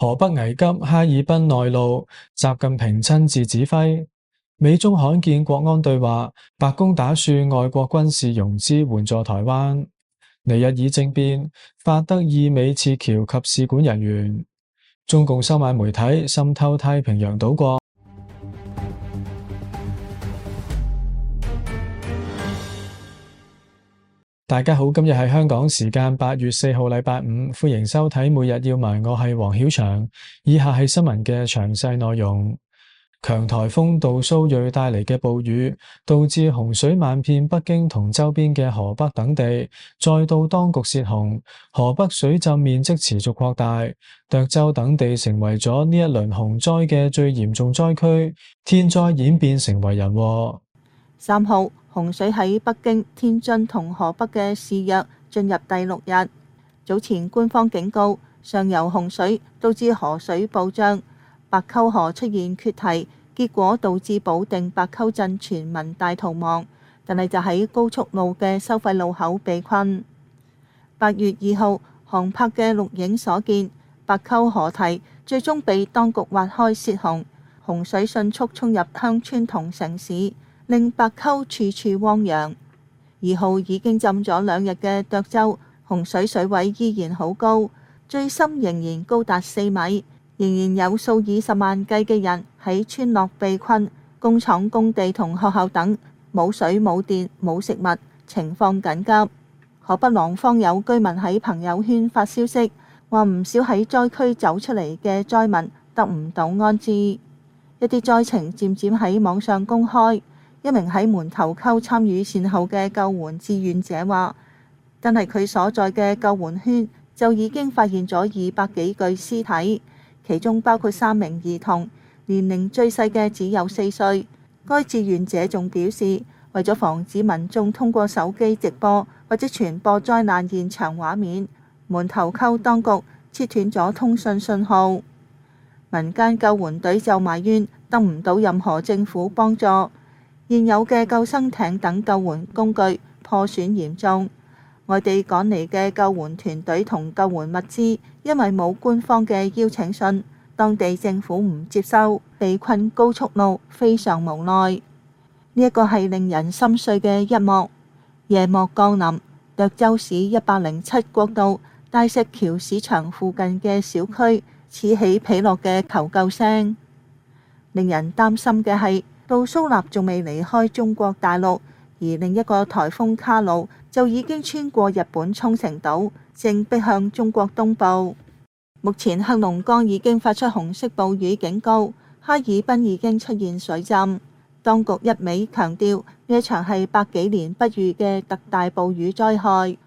河北危急，哈爾濱內澇，習近平親自指揮。美中罕見國安對話，白宮打算外國軍事融資援助台灣。尼日爾政變，法德意美撤僑及使館人員。中共收買媒體，滲透太平洋島國。大家好，今日係香港時間八月四號，禮拜五，歡迎收睇每日要聞。我係黃曉翔，以下係新聞嘅詳細內容。強颱風杜蘇芮帶嚟嘅暴雨，導致洪水漫遍北京同週邊嘅河北等地，再到當局洩洪，河北水浸面積持續擴大，涿州等地成為咗呢一輪洪災嘅最嚴重災區。天災演變成為人禍。三號。洪水喺北京、天津同河北嘅肆虐進入第六日。早前官方警告，上游洪水導致河水暴漲，白溝河出現缺堤，結果導致保定白溝鎮全民大逃亡。但係就喺高速路嘅收費路口被困。八月二號，航拍嘅錄影所見，白溝河堤最終被當局挖開泄洪，洪水迅速衝入鄉村同城市。令白溝處處汪洋，二號已經浸咗兩日嘅涿州洪水水位依然好高，最深仍然高達四米，仍然有數以十萬計嘅人喺村落被困，工廠、工地同學校等冇水冇電冇食物，情況緊急。河北廊坊有居民喺朋友圈發消息，話唔少喺災區走出嚟嘅災民得唔到安置，一啲災情漸漸喺網上公開。一名喺門頭溝參與善後嘅救援志願者話，但係佢所在嘅救援圈就已經發現咗二百幾具屍體，其中包括三名兒童，年齡最細嘅只有四歲。該志願者仲表示，為咗防止民眾通過手機直播或者傳播災難現場畫面，門頭溝當局切斷咗通訊信號。民間救援隊就埋怨得唔到任何政府幫助。現有嘅救生艇等救援工具破損嚴重，外地趕嚟嘅救援團隊同救援物資因為冇官方嘅邀請信，當地政府唔接收，被困高速路，非常無奈。呢一個係令人心碎嘅一幕。夜幕降臨，涿州市一百零七國道大石橋市場附近嘅小區，此起彼落嘅求救聲，令人擔心嘅係。杜蘇芮仲未離開中國大陸，而另一個颱風卡努就已經穿過日本沖繩島，正逼向中國東部。目前黑龍江已經發出紅色暴雨警告，哈爾濱已經出現水浸。當局一味強調，呢場係百幾年不遇嘅特大暴雨災害。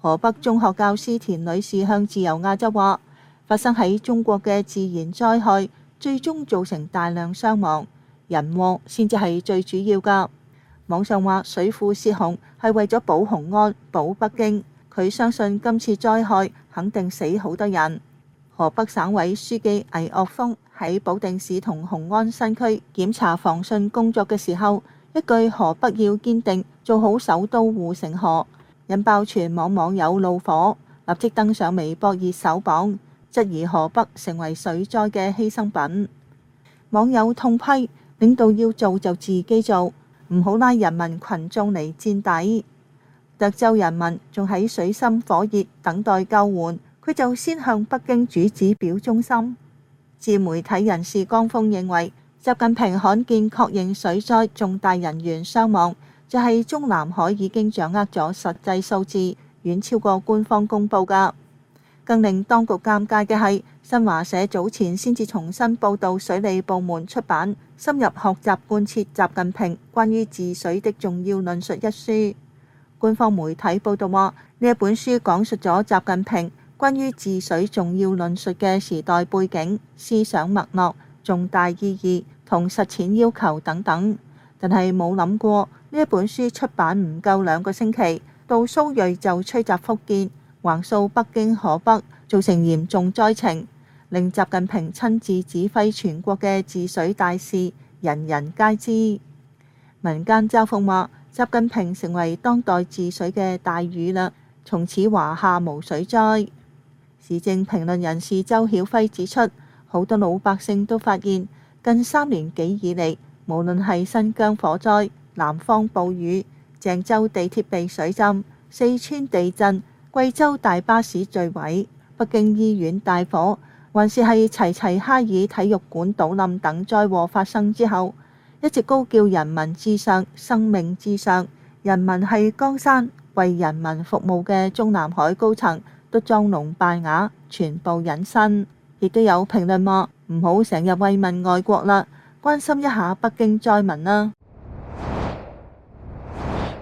河北中學教師田女士向自由亞洲話：發生喺中國嘅自然災害，最終造成大量傷亡。人禍先至係最主要㗎。網上話水庫泄洪係為咗保紅安、保北京。佢相信今次災害肯定死好多人。河北省委書記魏岳峰喺保定市同紅安新區檢查防汛工作嘅時候，一句河北要堅定做好首都護城河，引爆全網網友怒火，立即登上微博熱搜榜，質疑河北成為水災嘅犧牲品。網友痛批。領導要做就自己做，唔好拉人民群眾嚟墊底。德州人民仲喺水深火熱等待救援，佢就先向北京主子表忠心。自媒體人士江峰認為，習近平罕見確認水災重大人員傷亡，就係中南海已經掌握咗實際數字，遠超過官方公佈噶。更令當局尷尬嘅係。新華社早前先至重新報道水利部門出版《深入學習貫徹習近平關於治水的重要論述》一書，官方媒體報道話呢一本書講述咗習近平關於治水重要論述嘅時代背景、思想脈絡、重大意義同實踐要求等等。但係冇諗過呢一本書出版唔夠兩個星期，杜蘇芮就吹襲福建、橫掃北京、河北，造成嚴重災情。令習近平親自指揮全國嘅治水大事，人人皆知。民間嘲諷話：習近平成為當代治水嘅大禹啦！從此華夏無水災。時政評論人士周曉輝指出，好多老百姓都發現近三年幾以嚟，無論係新疆火災、南方暴雨、鄭州地鐵被水浸、四川地震、貴州大巴士墜毀、北京醫院大火，還是係齊齊哈爾體育館倒冧等災禍發生之後，一直高叫人民至上、生命至上，人民係江山，為人民服務嘅中南海高層都裝聾扮啞，全部隱身。亦都有評論話，唔好成日慰問外國啦，關心一下北京災民啦。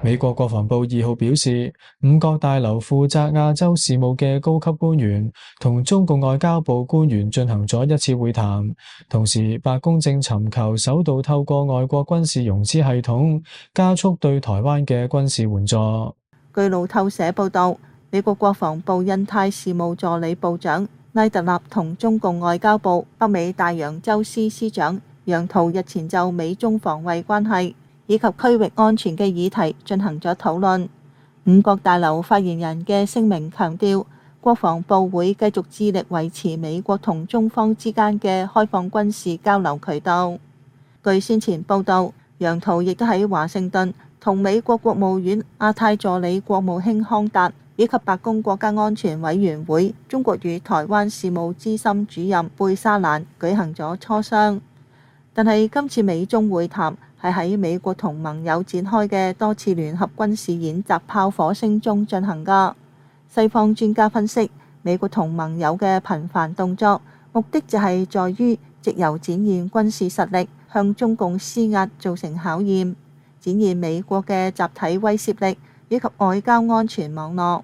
美國國防部二號表示，五角大樓負責亞洲事務嘅高級官員同中共外交部官員進行咗一次會談，同時白宮正尋求首度透過外國軍事融資系統加速對台灣嘅軍事援助。據路透社報道，美國國防部印太事務助理部長拉特納同中共外交部北美大洋洲司司長楊濤日前就美中防衛關係。以及區域安全嘅議題進行咗討論。五角大樓發言人嘅聲明強調，國防部會繼續致力維持美國同中方之間嘅開放軍事交流渠道。據先前報道，楊濤亦都喺華盛頓同美國國務院亞太助理國務卿康達以及白宮國家安全委員會中國與台灣事務資深主任貝沙蘭舉行咗磋商。但係今次美中會談，係喺美國同盟友展開嘅多次聯合軍事演習、炮火聲中進行噶。西方專家分析，美國同盟友嘅頻繁動作，目的就係在於藉由展現軍事實力，向中共施壓，造成考驗，展現美國嘅集體威懾力以及外交安全網絡。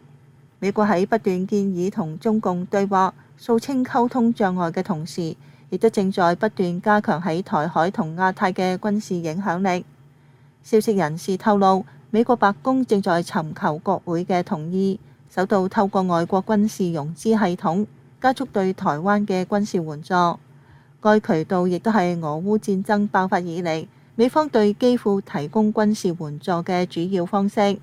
美國喺不斷建議同中共對話，掃清溝通障礙嘅同時。亦都正在不斷加強喺台海同亞太嘅軍事影響力。消息人士透露，美國白宮正在尋求國會嘅同意，首度透過外國軍事融資系統加速對台灣嘅軍事援助。該渠道亦都係俄烏戰爭爆發以嚟美方對基輔提供軍事援助嘅主要方式。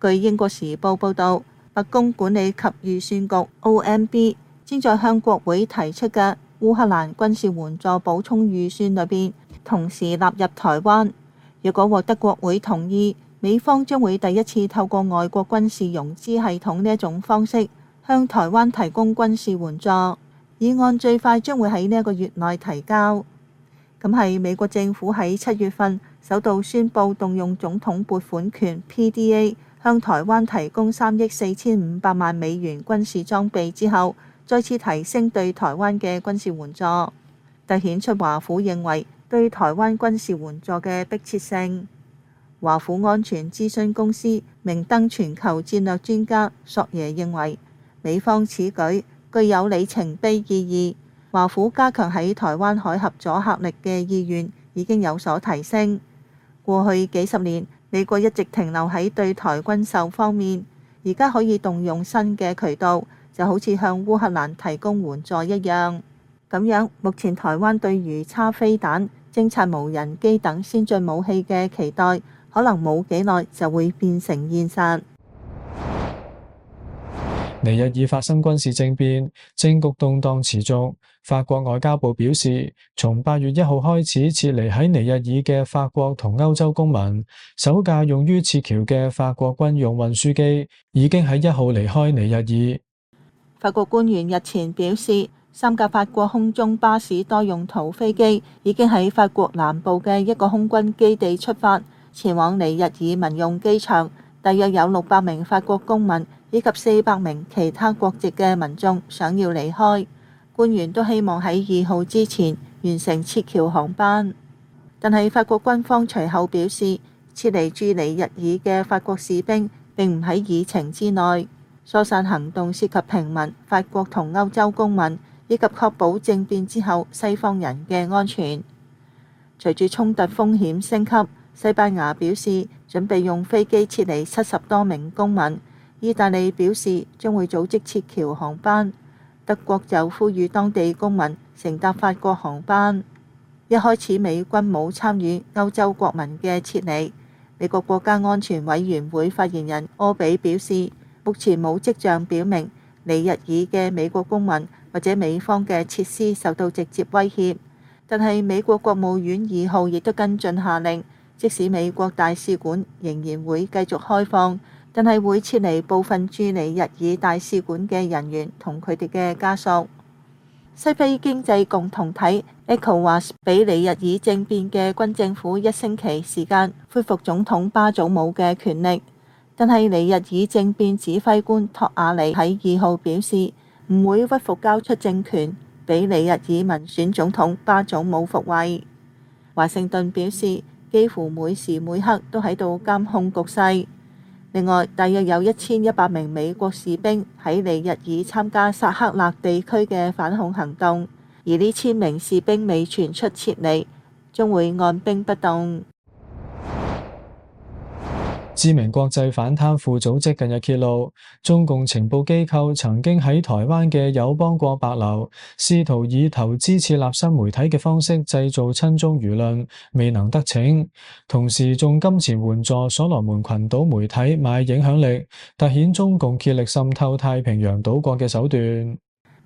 據英國時報報導，白宮管理及預算局 OMB 正在向國會提出嘅。烏克蘭軍事援助補充預算裏邊，同時納入台灣。若果獲得國會同意，美方將會第一次透過外國軍事融資系統呢一種方式，向台灣提供軍事援助。議案最快將會喺呢一個月內提交。咁係美國政府喺七月份首度宣布動用總統撥款權 PDA，向台灣提供三億四千五百萬美元軍事裝備之後。再次提升對台灣嘅軍事援助，凸顯出華府認為對台灣軍事援助嘅迫切性。華府安全諮詢公司明燈全球戰略專家索耶認為，美方此舉具有里程碑意義，華府加強喺台灣海峽阻嚇力嘅意願已經有所提升。過去幾十年，美國一直停留喺對台軍售方面，而家可以動用新嘅渠道。就好似向烏克蘭提供援助一樣，咁樣目前台灣對於叉飛彈、偵察無人機等先進武器嘅期待，可能冇幾耐就會變成現實。尼日爾發生軍事政變，政局動盪持續。法國外交部表示，從八月一號開始撤離喺尼日爾嘅法國同歐洲公民。首架用於撤僑嘅法國軍用運輸機已經喺一號離開尼日爾。法國官員日前表示，三架法國空中巴士多用途飛機已經喺法國南部嘅一個空軍基地出發，前往尼日爾民用機場。大約有六百名法國公民以及四百名其他國籍嘅民眾想要離開。官員都希望喺二號之前完成撤僑航班。但係法國軍方隨後表示，撤離駐尼日爾嘅法國士兵並唔喺議程之內。疏散行動涉及平民、法國同歐洲公民，以及確保政變之後西方人嘅安全。隨住衝突風險升級，西班牙表示準備用飛機撤離七十多名公民。意大利表示將會組織撤僑航班，德國就呼籲當地公民乘搭法國航班。一開始，美軍冇參與歐洲國民嘅撤離。美國國家安全委員會發言人柯比表示。目前冇跡象表明尼日爾嘅美國公民或者美方嘅設施受到直接威脅，但係美國國務院二號亦都跟進下令，即使美國大使館仍然會繼續開放，但係會撤離部分駐尼日爾大使館嘅人員同佢哋嘅家屬。西非經濟共同體 ECOWAS 俾尼日爾政變嘅軍政府一星期時間恢復總統巴祖姆嘅權力。但係尼日爾政變指揮官托亞尼喺二號表示唔會屈服，交出政權俾尼日爾民選總統巴祖姆復位。華盛頓表示幾乎每時每刻都喺度監控局勢，另外，大約有一千一百名美國士兵喺尼日爾參加薩克勒地區嘅反恐行動，而呢千名士兵未傳出撤離，將會按兵不動。知名國際反貪腐組織近日揭露，中共情報機構曾經喺台灣嘅友邦國帛琉試圖以投資設立新媒體嘅方式製造親中輿論，未能得逞。同時，仲金錢援助所羅門群島媒體買影響力，突顯中共竭力滲透太平洋島國嘅手段。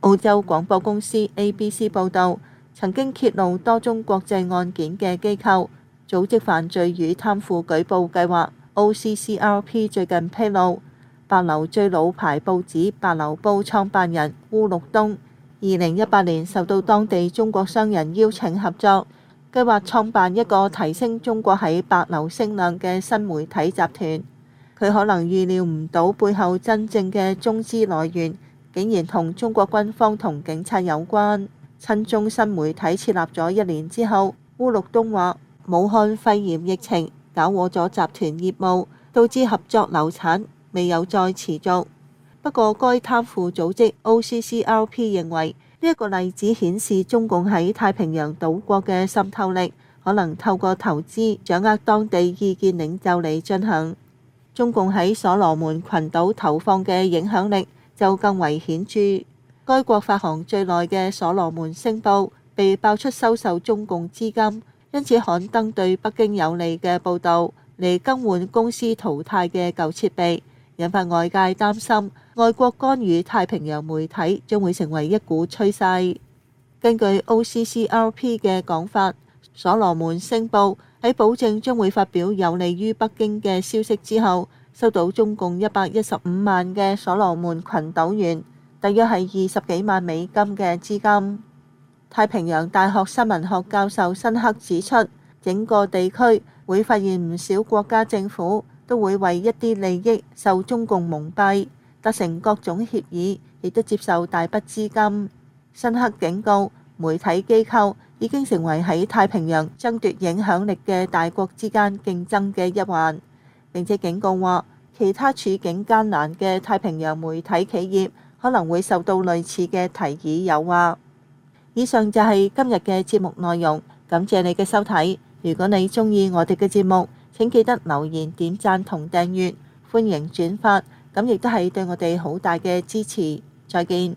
澳洲廣播公司 ABC 報導，曾經揭露多宗國際案件嘅機構組織犯罪與貪腐舉報計劃。OCCRP 最近披露，帛琉最老牌報紙《帛琉報》創辦人烏陸東，二零一八年受到當地中國商人邀請合作，計劃創辦一個提升中國喺帛琉聲量嘅新媒體集團。佢可能預料唔到背後真正嘅中資來源，竟然同中國軍方同警察有關。親中新媒體設立咗一年之後，烏陸東話：武漢肺炎疫情，搞和咗集團業務，導致合作流產，未有再持續。不過，該貪腐組織 OCCRP 認為呢一、這個例子顯示中共喺太平洋島國嘅滲透力，可能透過投資掌握當地意見領袖嚟進行。中共喺所羅門群島投放嘅影響力就更為顯著。該國發行最耐嘅所羅門星報被爆出收受中共資金。因此，刊登對北京有利嘅報道嚟更換公司淘汰嘅舊設備，引發外界擔心外國干預太平洋媒體將會成為一股趨勢。根據 OCCRP 嘅講法，所羅門星報喺保證將會發表有利於北京嘅消息之後，收到中共一百一十五萬嘅所羅門群島元，大約係二十幾萬美金嘅資金。太平洋大學新聞學教授辛克指出，整個地區會發現唔少國家政府都會為一啲利益受中共蒙蔽，達成各種協議亦都接受大筆資金。辛克警告，媒體機構已經成為喺太平洋爭奪影響力嘅大國之間競爭嘅一環。並且警告話，其他處境艱難嘅太平洋媒體企業可能會受到類似嘅提議誘惑。以上就係今日嘅節目內容，感謝你嘅收睇。如果你鍾意我哋嘅節目，請記得留言、點讚同訂閱，歡迎轉發，咁亦都係對我哋好大嘅支持。再見。